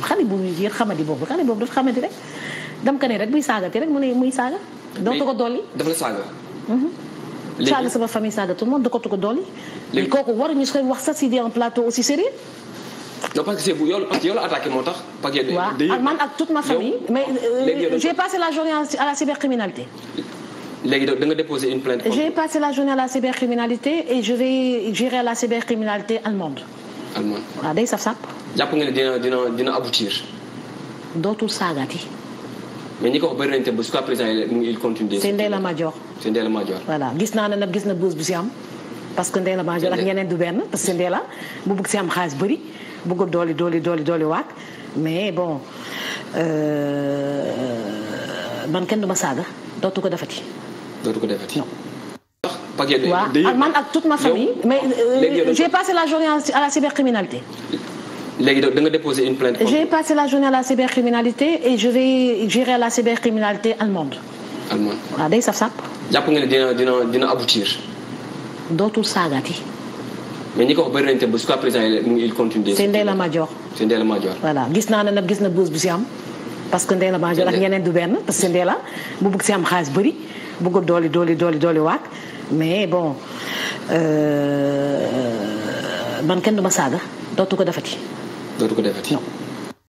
xale bu yéen xamadi boobu xale boobu dafa xamadi rek dam ko ne rek muy saaga rek mu ne muy saaga. donc da ko dolli. dafa la saaga. Mhm. léegi saaga sama famille saaga tout le monde da ko ko dolli. léegi kooku waruñu koy wax sax si di en plateau aussi sérieux. non parce que c'est yow parce que yow la attaqué moo tax. parce que day waaw man ak toute ma famille. mais euh, j'ai passé la journée à la cybercriminalité. léegi da nga déposé une plainte. j'ai passé la journée à la cybercriminalité et je vais gérer la cybercriminalité allemande ak man. waaw ah, day saf sàpp. jàpp nga dina dina dina aboutir. dootul sagati. mais ñi ko wax bëri nañu te ba jusqu'à présent il continue. c'est Ndella Madior. c'est Ndella Madior. voilà gis naa na nag gis na bës bu si am. parce que la Madior ak ñeneen du benn parce que Ndella bu bëgg si am xaalis bëri bëgg doli, doli, doli, dooli dooli mais bon euh, man kenn du ma saaga quoi ko defati. dootu ko defati non paquet de man ak toute ma famille. mais euh, j'ai passé la journée à la cybercriminalité. léegi da nga déposé une plainte. j'ai passé la journée à la cybercriminalité et je vais gérer à la cybercriminalité allemande. allemande waaw day saf sap. jàpp nga ne dina dina dina aboutir. dootul saagaati. mais Nico ko wax bëri nañu te présent il continue. c'est la major. c'est la major. voilà gis naa na nag gis na bës bu si parce que la Madior La ñeneen du benn parce que Ndella bu de siam am xaalis bëgg dooli dooli dooli dooli waat mais bon euh, man kenn du ma saaga dootu ko defati. dootu ko defati.